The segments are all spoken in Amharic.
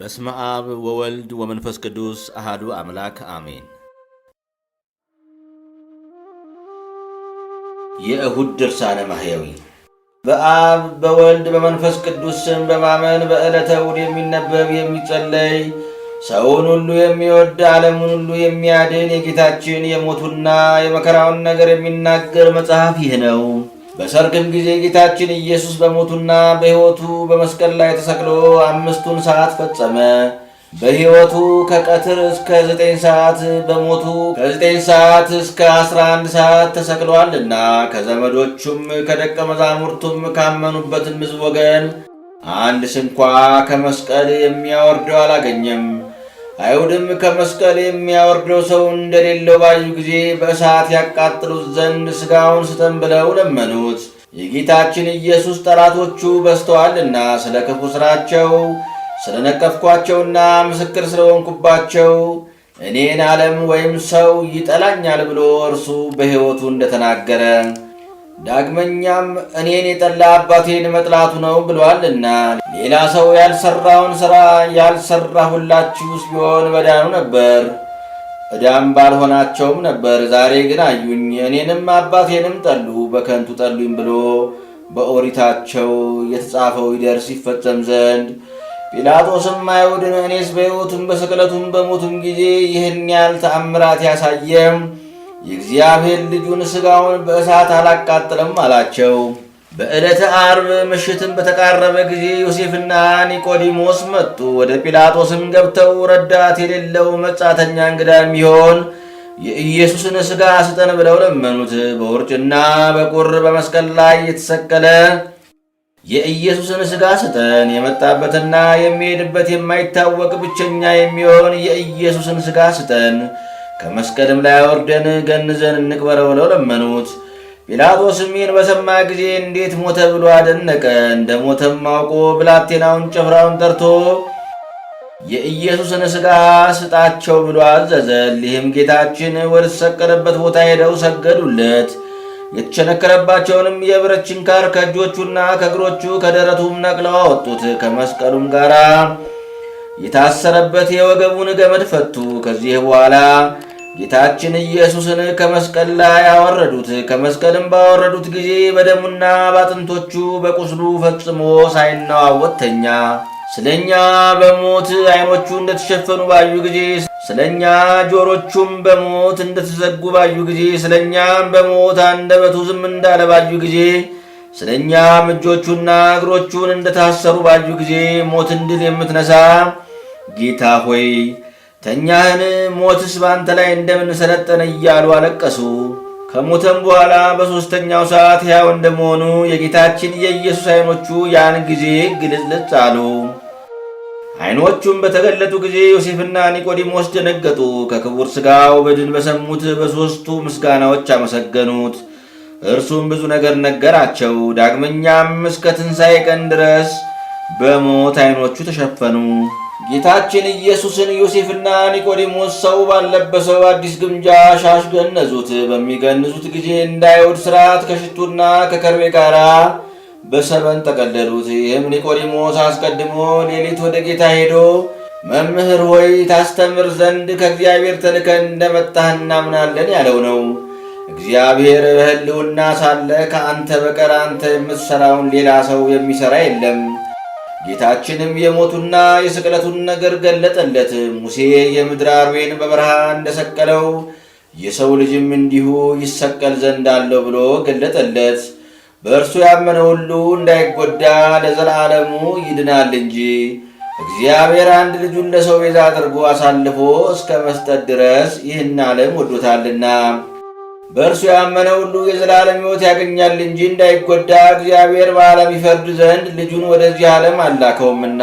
በስመ አብ ወወልድ ወመንፈስ ቅዱስ አሃዱ አምላክ አሜን። የእሁድ ድርሳነ ማሕየዊ በአብ በወልድ በመንፈስ ቅዱስ ስም በማመን በዕለተ እሁድ የሚነበብ የሚጸለይ ሰውን ሁሉ የሚወድ ዓለሙን ሁሉ የሚያድን የጌታችን የሞቱና የመከራውን ነገር የሚናገር መጽሐፍ ይህ ነው። በሰርግም ጊዜ ጌታችን ኢየሱስ በሞቱና በሕይወቱ በመስቀል ላይ ተሰቅሎ አምስቱን ሰዓት ፈጸመ። በሕይወቱ ከቀትር እስከ ዘጠኝ ሰዓት በሞቱ ከዘጠኝ ሰዓት እስከ አስራ አንድ ሰዓት ተሰቅሏልና ከዘመዶቹም ከደቀ መዛሙርቱም ካመኑበትም ሕዝብ ወገን አንድ ስንኳ ከመስቀል የሚያወርደው አላገኘም። አይሁድም ከመስቀል የሚያወርደው ሰው እንደሌለው ባዩ ጊዜ በእሳት ያቃጥሉት ዘንድ ሥጋውን ስጠን ብለው ለመኑት። የጌታችን ኢየሱስ ጠላቶቹ በዝተዋልና ስለ ክፉ ሥራቸው ስለ ነቀፍኳቸውና ምስክር ስለሆንኩባቸው እኔን ዓለም ወይም ሰው ይጠላኛል ብሎ እርሱ በሕይወቱ እንደተናገረ ዳግመኛም እኔን የጠላ አባቴን መጥላቱ ነው ብሏልና ሌላ ሰው ያልሰራውን ሥራ ያልሰራሁላችሁስ ቢሆን በዳኑ ነበር፣ እዳም ባልሆናቸውም ነበር። ዛሬ ግን አዩኝ፣ እኔንም አባቴንም ጠሉ፣ በከንቱ ጠሉኝ ብሎ በኦሪታቸው የተጻፈው ይደርስ ይፈጸም ዘንድ ጲላጦስም አይሁድን እኔስ በሕይወቱም በስቅለቱም በሞቱም ጊዜ ይህን ያህል ተአምራት ያሳየም የእግዚአብሔር ልጁን ሥጋውን በእሳት አላቃጥልም አላቸው። በዕለተ አርብ ምሽትም በተቃረበ ጊዜ ዮሴፍና ኒቆዲሞስ መጡ። ወደ ጲላጦስም ገብተው ረዳት የሌለው መጻተኛ እንግዳ የሚሆን የኢየሱስን ሥጋ ስጠን ብለው ለመኑት። በውርጭና በቁር በመስቀል ላይ የተሰቀለ የኢየሱስን ሥጋ ስጠን፣ የመጣበትና የሚሄድበት የማይታወቅ ብቸኛ የሚሆን የኢየሱስን ሥጋ ስጠን ከመስቀልም ላይ አውርደን ገንዘን እንቅበረው ብለው ለመኑት። ጲላጦስም ይህን በሰማ ጊዜ እንዴት ሞተ ብሎ አደነቀ። እንደ ሞተም አውቆ ብላቴናውን ጭፍራውን ጠርቶ የኢየሱስን ሥጋ ስጣቸው ብሎ አዘዘ። ሊህም ጌታችን ወደ ተሰቀለበት ቦታ ሄደው ሰገዱለት። የተቸነከረባቸውንም የብረት ችንካር ከእጆቹና ከእግሮቹ ከደረቱም ነቅለው አወጡት። ከመስቀሉም ጋር የታሰረበት የወገቡን ገመድ ፈቱ። ከዚህ በኋላ ጌታችን ኢየሱስን ከመስቀል ላይ አወረዱት። ከመስቀልም ባወረዱት ጊዜ በደሙና ባጥንቶቹ በቁስሉ ፈጽሞ ሳይነዋወጥ ተኛ። ስለ እኛ በሞት አይኖቹ እንደተሸፈኑ ባዩ ጊዜ፣ ስለ እኛ ጆሮቹም በሞት እንደተዘጉ ባዩ ጊዜ፣ ስለ እኛም በሞት አንደበቱ ዝም እንዳለ ባዩ ጊዜ፣ ስለ እኛም እጆቹና እግሮቹን እንደታሰሩ ባዩ ጊዜ ሞትን ድል የምትነሳ ጌታ ሆይ ተኛህን? ሞትስ በአንተ ላይ እንደምን ሰለጠነ እያሉ አለቀሱ። ከሞተም በኋላ በሦስተኛው ሰዓት ሕያው እንደመሆኑ የጌታችን የኢየሱስ ዐይኖቹ ያን ጊዜ ግልጽልጽ አሉ። ዐይኖቹም በተገለጡ ጊዜ ዮሴፍና ኒቆዲሞስ ደነገጡ። ከክቡር ሥጋው በድን በሰሙት በሦስቱ ምስጋናዎች አመሰገኑት። እርሱም ብዙ ነገር ነገራቸው። ዳግመኛም እስከ ትንሣኤ ቀን ድረስ በሞት ዐይኖቹ ተሸፈኑ። ጌታችን ኢየሱስን ዮሴፍና ኒቆዲሞስ ሰው ባለበሰው አዲስ ግምጃ ሻሽ ገነዙት። በሚገንዙት ጊዜ እንዳይወድ ሥርዓት ከሽቱና ከከርቤ ጋር በሰበን ጠቀለሉት። ይህም ኒቆዲሞስ አስቀድሞ ሌሊት ወደ ጌታ ሄዶ መምህር ሆይ ታስተምር ዘንድ ከእግዚአብሔር ተልከ እንደመጣህ እናምናለን ያለው ነው። እግዚአብሔር በሕልውና ሳለ ከአንተ በቀር አንተ የምትሠራውን ሌላ ሰው የሚሠራ የለም ጌታችንም የሞቱና የስቅለቱን ነገር ገለጠለት። ሙሴ የምድር አርዌን በበረሃ እንደሰቀለው የሰው ልጅም እንዲሁ ይሰቀል ዘንድ አለው ብሎ ገለጠለት። በእርሱ ያመነ ሁሉ እንዳይጎዳ ለዘላለሙ ይድናል እንጂ እግዚአብሔር አንድ ልጁን ለሰው ቤዛ አድርጎ አሳልፎ እስከ መስጠት ድረስ ይህን ዓለም ወዶታልና። በእርሱ ያመነ ሁሉ የዘላለም ሕይወት ያገኛል እንጂ እንዳይጎዳ እግዚአብሔር በዓለም ይፈርድ ዘንድ ልጁን ወደዚህ ዓለም አላከውምና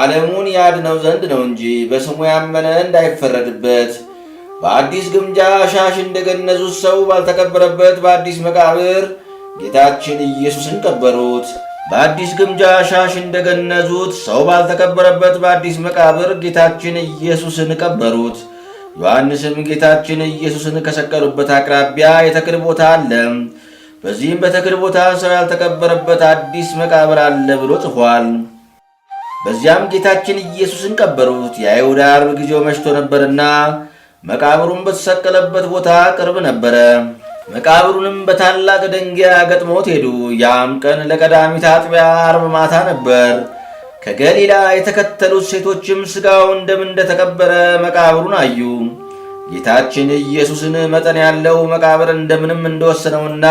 ዓለሙን ያድነው ዘንድ ነው እንጂ በስሙ ያመነ እንዳይፈረድበት። በአዲስ ግምጃ ሻሽ እንደገነዙት ሰው ባልተቀበረበት በአዲስ መቃብር ጌታችን ኢየሱስን ቀበሩት። በአዲስ ግምጃ ሻሽ እንደገነዙት ሰው ባልተቀበረበት በአዲስ መቃብር ጌታችን ኢየሱስን ቀበሩት። ዮሐንስም ጌታችን ኢየሱስን ከሰቀሉበት አቅራቢያ የተክል ቦታ አለ፣ በዚህም በተክል ቦታ ሰው ያልተቀበረበት አዲስ መቃብር አለ ብሎ ጽፏል። በዚያም ጌታችን ኢየሱስን ቀበሩት። የአይሁድ አርብ ጊዜው መሽቶ ነበርና መቃብሩን በተሰቀለበት ቦታ ቅርብ ነበረ። መቃብሩንም በታላቅ ደንጊያ ገጥሞት ሄዱ። ያም ቀን ለቀዳሚት አጥቢያ አርብ ማታ ነበር። ከገሊላ የተከተሉት ሴቶችም ሥጋው እንደምን እንደተቀበረ መቃብሩን አዩ። ጌታችን ኢየሱስን መጠን ያለው መቃብር እንደምንም እንደወሰነውና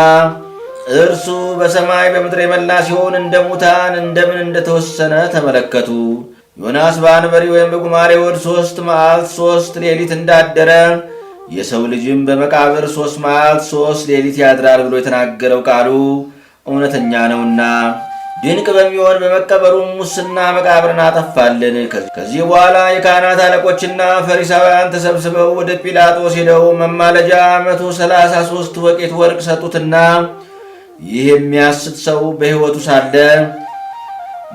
እርሱ በሰማይ በምድር የመላ ሲሆን እንደ ሙታን እንደምን እንደተወሰነ ተመለከቱ። ዮናስ በአንበሪ ወይም በጉማሬ ወድ ሦስት መዓልት ሦስት ሌሊት እንዳደረ የሰው ልጅም በመቃብር ሦስት መዓልት ሦስት ሌሊት ያድራል ብሎ የተናገረው ቃሉ እውነተኛ ነውና ድንቅ በሚሆን በመቀበሩም ሙስና መቃብርን አጠፋልን። ከዚህ በኋላ የካህናት አለቆችና ፈሪሳውያን ተሰብስበው ወደ ጲላጦስ ሄደው መማለጃ መቶ ሰላሳ ሶስት ወቄት ወርቅ ሰጡትና ይህ የሚያስት ሰው በሕይወቱ ሳለ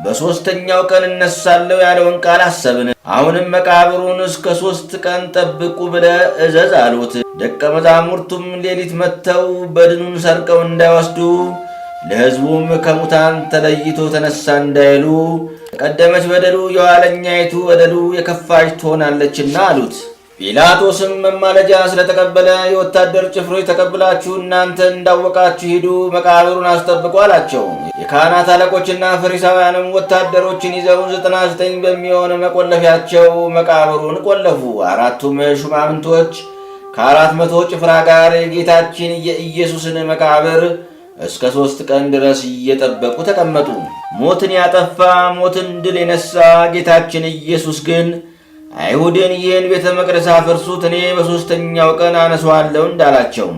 በሦስተኛው ቀን እነሳለሁ ያለውን ቃል አሰብን። አሁንም መቃብሩን እስከ ሦስት ቀን ጠብቁ ብለ እዘዝ አሉት። ደቀ መዛሙርቱም ሌሊት መጥተው በድኑን ሰርቀው እንዳይወስዱ ለሕዝቡም ከሙታን ተለይቶ ተነሳ እንዳይሉ ቀደመች በደሉ የኋለኛይቱ በደሉ የከፋች ትሆናለችና አሉት። ጲላጦስም መማለጃ ስለተቀበለ የወታደር ጭፍሮች ተቀብላችሁ እናንተ እንዳወቃችሁ ሂዱ፣ መቃብሩን አስጠብቁ አላቸው። የካህናት አለቆችና ፈሪሳውያንም ወታደሮችን ይዘው ዘጠና ዘጠኝ በሚሆን መቆለፊያቸው መቃብሩን ቆለፉ። አራቱም ሹማምንቶች ከአራት መቶ ጭፍራ ጋር የጌታችን የኢየሱስን መቃብር እስከ ሦስት ቀን ድረስ እየጠበቁ ተቀመጡ። ሞትን ያጠፋ ሞትን ድል የነሣ ጌታችን ኢየሱስ ግን አይሁድን ይህን ቤተ መቅደስ አፍርሱት፣ እኔ በሦስተኛው ቀን አነሳዋለሁ እንዳላቸው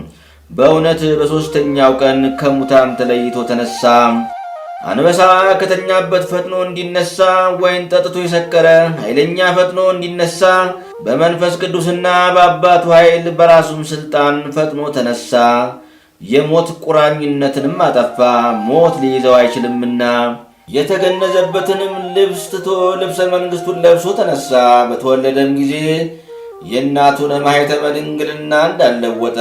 በእውነት በሦስተኛው ቀን ከሙታን ተለይቶ ተነሣ። አንበሳ ከተኛበት ፈጥኖ እንዲነሣ፣ ወይን ጠጥቶ የሰከረ ኃይለኛ ፈጥኖ እንዲነሣ በመንፈስ ቅዱስና በአባቱ ኃይል በራሱም ሥልጣን ፈጥኖ ተነሣ። የሞት ቁራኝነትንም አጠፋ፣ ሞት ሊይዘው አይችልምና። የተገነዘበትንም ልብስ ትቶ ልብሰ መንግሥቱን ለብሶ ተነሳ። በተወለደም ጊዜ የእናቱን ማኅተመ ድንግልና እንዳለወጠ፣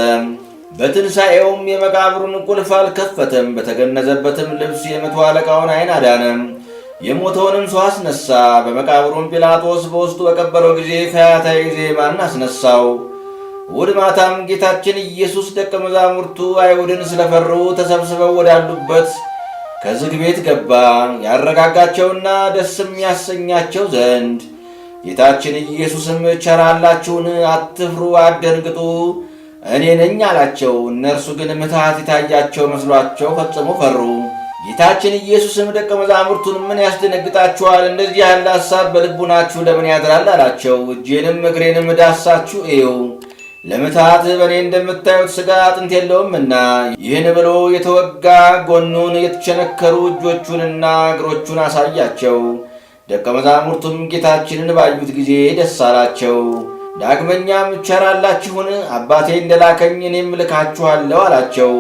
በትንሣኤውም የመቃብሩን ቁልፍ አልከፈተም። በተገነዘበትም ልብስ የመቶ አለቃውን ዓይን አዳነም። የሞተውንም ሰው አስነሳ። በመቃብሩን ጲላጦስ በውስጡ በቀበረው ጊዜ ፈያታዊ ዜማን አስነሳው። እሑድ ማታም ጌታችን ኢየሱስ ደቀ መዛሙርቱ አይሁድን ስለፈሩ ተሰብስበው ወዳሉበት ከዝግ ቤት ገባ። ያረጋጋቸውና ደስም ያሰኛቸው ዘንድ ጌታችን ኢየሱስም ቸራላችሁን፣ አትፍሩ፣ አደንግጡ እኔ ነኝ አላቸው። እነርሱ ግን ምትሃት የታያቸው መስሏቸው ፈጽሞ ፈሩ። ጌታችን ኢየሱስም ደቀ መዛሙርቱን ምን ያስደነግጣችኋል? እንደዚህ ያለ ሐሳብ በልቡናችሁ ለምን ያድራል? አላቸው። እጄንም እግሬንም ዳሳችሁ እዩ ለምታት በእኔ እንደምታዩት ሥጋ አጥንት የለውምና ይህን ብሎ የተወጋ ጎኑን የተቸነከሩ እጆቹንና እግሮቹን አሳያቸው። ደቀ መዛሙርቱም ጌታችንን ባዩት ጊዜ ደስ አላቸው። ዳግመኛም ቸራላችሁን አባቴ እንደላከኝ እኔም ልካችኋለሁ አላቸው።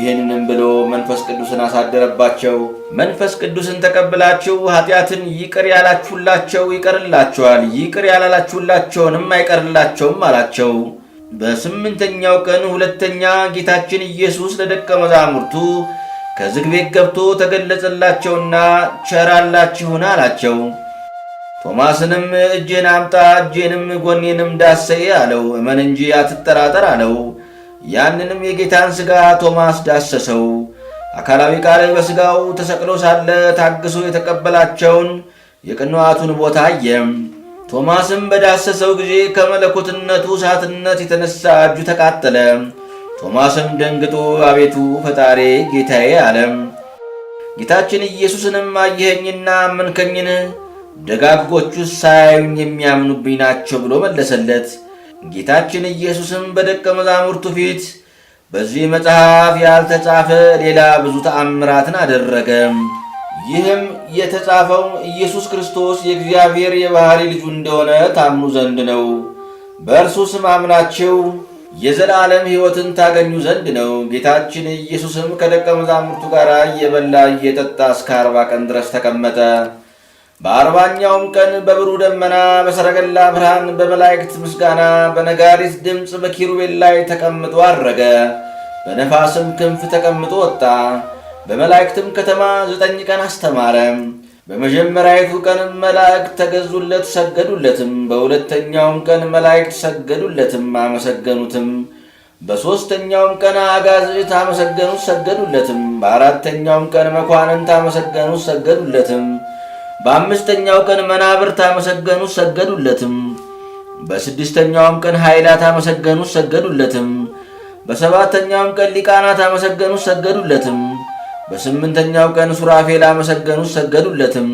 ይህንንም ብሎ መንፈስ ቅዱስን አሳደረባቸው። መንፈስ ቅዱስን ተቀብላችሁ ኃጢአትን ይቅር ያላችሁላቸው ይቀርላቸዋል፣ ይቅር ያላላችሁላቸውንም አይቀርላቸውም አላቸው። በስምንተኛው ቀን ሁለተኛ ጌታችን ኢየሱስ ለደቀ መዛሙርቱ ከዝግ ቤት ገብቶ ተገለጸላቸውና ቸራላችሁን አላቸው። ቶማስንም እጄን አምጣ፣ እጄንም ጎኔንም ዳሰይ አለው። እመን እንጂ አትጠራጠር አለው። ያንንም የጌታን ሥጋ ቶማስ ዳሰሰው። አካላዊ ቃል በሥጋው ተሰቅሎ ሳለ ታግሶ የተቀበላቸውን የቅንዋቱን ቦታ አየም። ቶማስም በዳሰሰው ጊዜ ከመለኮትነቱ እሳትነት የተነሳ እጁ ተቃጠለ። ቶማስም ደንግጦ አቤቱ ፈጣሬ ጌታዬ አለም። ጌታችን ኢየሱስንም አየኸኝና አመንከኝን፣ ደጋግጎቹ ሳያዩኝ የሚያምኑብኝ ናቸው ብሎ መለሰለት። ጌታችን ኢየሱስም በደቀ መዛሙርቱ ፊት በዚህ መጽሐፍ ያልተጻፈ ሌላ ብዙ ተአምራትን አደረገ። ይህም የተጻፈው ኢየሱስ ክርስቶስ የእግዚአብሔር የባሕሪ ልጁ እንደሆነ ታምኑ ዘንድ ነው። በእርሱ ስም አምናችሁ የዘላለም ሕይወትን ታገኙ ዘንድ ነው። ጌታችን ኢየሱስም ከደቀ መዛሙርቱ ጋር እየበላ እየጠጣ እስከ አርባ ቀን ድረስ ተቀመጠ። በአርባኛውም ቀን በብሩህ ደመና፣ በሰረገላ ብርሃን፣ በመላእክት ምስጋና፣ በነጋሪት ድምፅ በኪሩቤል ላይ ተቀምጦ አረገ። በነፋስም ክንፍ ተቀምጦ ወጣ። በመላእክትም ከተማ ዘጠኝ ቀን አስተማረ። በመጀመሪያዊቱ ቀንም መላእክት ተገዙለት ሰገዱለትም። በሁለተኛውም ቀን መላእክት ሰገዱለትም አመሰገኑትም። በሦስተኛውም ቀን አጋዝዕት አመሰገኑት ሰገዱለትም። በአራተኛውም ቀን መኳንንት አመሰገኑት ሰገዱለትም። በአምስተኛው ቀን መናብርት አመሰገኑት ሰገዱለትም። በስድስተኛውም ቀን ኃይላት አመሰገኑት ሰገዱለትም። በሰባተኛውም ቀን ሊቃናት አመሰገኑት ሰገዱለትም። በስምንተኛው ቀን ሱራፌል አመሰገኑት ሰገዱለትም።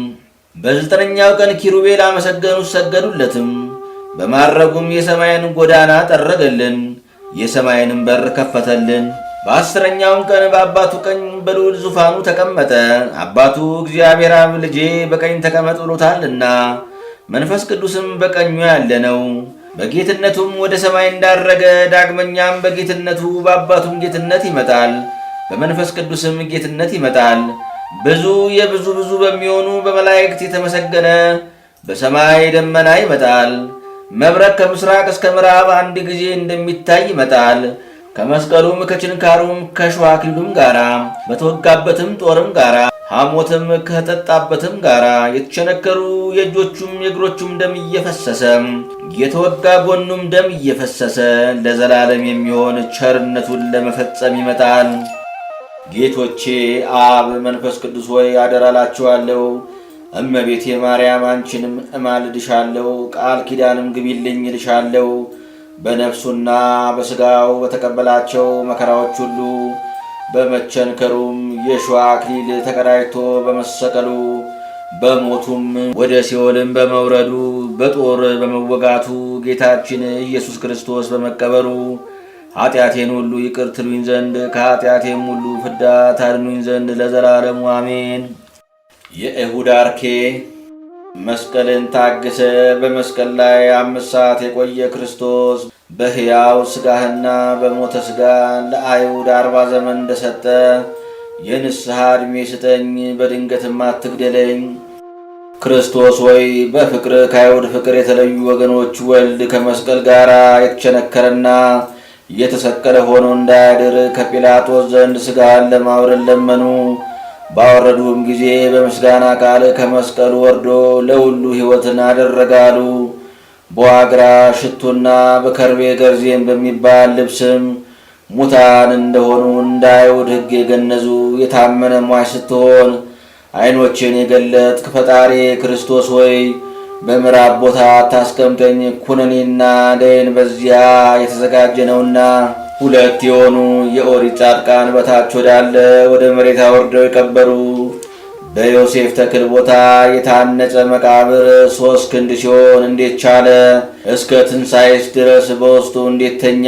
በዘጠነኛው ቀን ኪሩቤል አመሰገኑት ሰገዱለትም። በማረጉም የሰማይን ጎዳና ጠረገልን፣ የሰማይንም በር ከፈተልን። በአስረኛውም ቀን በአባቱ ቀኝ በልዑል ዙፋኑ ተቀመጠ። አባቱ እግዚአብሔር አብ ልጄ በቀኝ ተቀመጥ ብሎታልና መንፈስ ቅዱስም በቀኙ ያለ ነው። በጌትነቱም ወደ ሰማይ እንዳረገ ዳግመኛም በጌትነቱ በአባቱም ጌትነት ይመጣል። በመንፈስ ቅዱስም ጌትነት ይመጣል። ብዙ የብዙ ብዙ በሚሆኑ በመላእክት የተመሰገነ በሰማይ ደመና ይመጣል። መብረቅ ከምስራቅ እስከ ምዕራብ አንድ ጊዜ እንደሚታይ ይመጣል። ከመስቀሉም ከችንካሩም ከሸዋኪሉም ጋራ በተወጋበትም ጦርም ጋራ ሐሞትም ከጠጣበትም ጋራ የተቸነከሩ የእጆቹም የእግሮቹም ደም እየፈሰሰ የተወጋ ጎኑም ደም እየፈሰሰ ለዘላለም የሚሆን ቸርነቱን ለመፈጸም ይመጣል። ጌቶቼ አብ መንፈስ ቅዱስ ሆይ አደራላችኋለሁ። እመቤቴ ማርያም አንቺንም እማልድሻለሁ፣ ቃል ኪዳንም ግቢልኝ እልሻለሁ። በነፍሱና በሥጋው በተቀበላቸው መከራዎች ሁሉ በመቸንከሩም የሸዋ አክሊል ተቀዳጅቶ በመሰቀሉ በሞቱም ወደ ሲኦልም በመውረዱ በጦር በመወጋቱ ጌታችን ኢየሱስ ክርስቶስ በመቀበሩ ኃጢአቴን ሁሉ ይቅር ትሉኝ ዘንድ ከኃጢአቴም ሁሉ ፍዳ ታድኑኝ ዘንድ ለዘላለሙ አሜን። የእሁድ አርኬ መስቀልን ታግሰ በመስቀል ላይ አምስት ሰዓት የቆየ ክርስቶስ በሕያው ሥጋህና በሞተ ሥጋ ለአይሁድ አርባ ዘመን እንደሰጠ የንስሐ ዕድሜ ስጠኝ፣ በድንገትም አትግደለኝ። ክርስቶስ ወይ በፍቅር ከአይሁድ ፍቅር የተለዩ ወገኖች ወልድ ከመስቀል ጋር የተቸነከረና እየተሰቀለ ሆኖ እንዳያድር ከጲላጦስ ዘንድ ሥጋን ለማውረድ ለመኑ። ባወረዱም ጊዜ በምስጋና ቃል ከመስቀሉ ወርዶ ለሁሉ ሕይወትን አደረጋሉ። በዋግራ ሽቱና በከርቤ ገርዜም በሚባል ልብስም ሙታን እንደሆኑ እንዳይውድ ሕግ የገነዙ የታመነ ሟች ስትሆን ዓይኖችን የገለጥክ ፈጣሪ ክርስቶስ ሆይ በምዕራብ ቦታ ታስቀምጠኝ ኩነኔና አደይን በዚያ የተዘጋጀ ነውና። ሁለት የሆኑ የኦሪት ጻድቃን በታች ወዳለ ወደ መሬት አውርደው የቀበሩ በዮሴፍ ተክል ቦታ የታነጸ መቃብር ሦስት ክንድ ሲሆን እንዴት ቻለ? እስከ ትንሣኤስ ድረስ በውስጡ እንዴት ተኛ?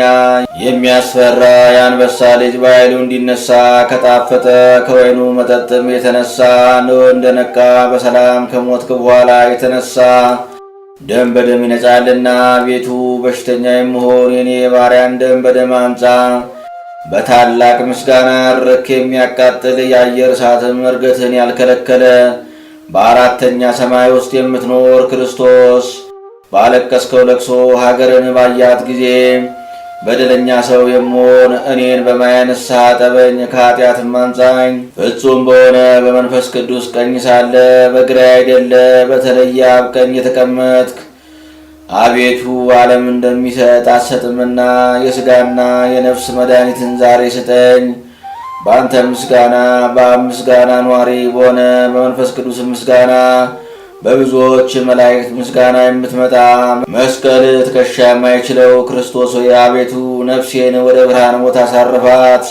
የሚያስፈራ የአንበሳ ልጅ በኃይሉ እንዲነሳ ከጣፈጠ ከወይኑ መጠጥም የተነሳ እንደ እንደነቃ በሰላም ከሞትክ በኋላ የተነሳ ደም በደም ይነጻልና ቤቱ በሽተኛ የምሆን የኔ ባሪያን ደም በደም አንጻ። በታላቅ ምስጋና ርክ የሚያቃጥል የአየር ሰዓትን እርገትን ያልከለከለ በአራተኛ ሰማይ ውስጥ የምትኖር ክርስቶስ ባለቀስከው ለቅሶ ሀገርን ባያት ጊዜ በደለኛ ሰው የምሆን እኔን በማያነሳ ጠበኝ፣ ከኃጢአት አንጻኝ። ፍጹም በሆነ በመንፈስ ቅዱስ ቀኝ ሳለ በግራ አይደለ በተለየ አብ ቀኝ የተቀመጥክ አቤቱ ዓለም እንደሚሰጥ አትሰጥምና የሥጋና የነፍስ መድኃኒትን ዛሬ ስጠኝ። በአንተ ምስጋና፣ በአብ ምስጋና፣ ኗሪ በሆነ በመንፈስ ቅዱስ ምስጋና፣ በብዙዎች መላእክት ምስጋና የምትመጣ መስቀል ትከሻ የማይችለው ክርስቶስ ሆይ አቤቱ ነፍሴን ወደ ብርሃን ቦታ አሳርፋት።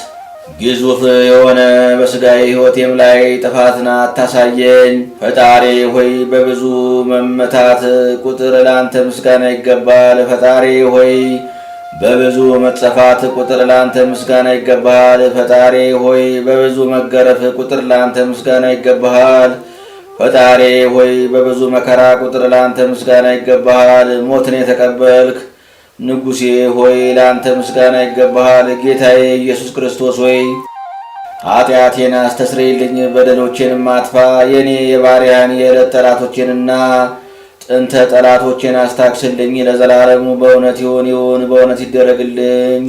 ግዙፍ የሆነ በሥጋዬ ሕይወቴም ላይ ጥፋትን አታሳየኝ። ፈጣሪ ሆይ በብዙ መመታት ቁጥር ለአንተ ምስጋና ይገባል። ፈጣሪ ሆይ በብዙ መጸፋት ቁጥር ለአንተ ምስጋና ይገባሃል። ፈጣሪ ሆይ በብዙ መገረፍ ቁጥር ለአንተ ምስጋና ይገባሃል። ፈጣሪ ሆይ በብዙ መከራ ቁጥር ለአንተ ምስጋና ይገባሃል። ሞትን የተቀበልክ ንጉሴ ሆይ ለአንተ ምስጋና ይገባሃል። ጌታዬ ኢየሱስ ክርስቶስ ሆይ ኃጢአቴን አስተስርይልኝ፣ በደሎቼንም አጥፋ። የእኔ የባሪያን የዕለት ጠላቶቼንና ጥንተ ጠላቶቼን አስታክስልኝ። ለዘላለሙ በእውነት ይሁን ይሁን፣ በእውነት ይደረግልኝ።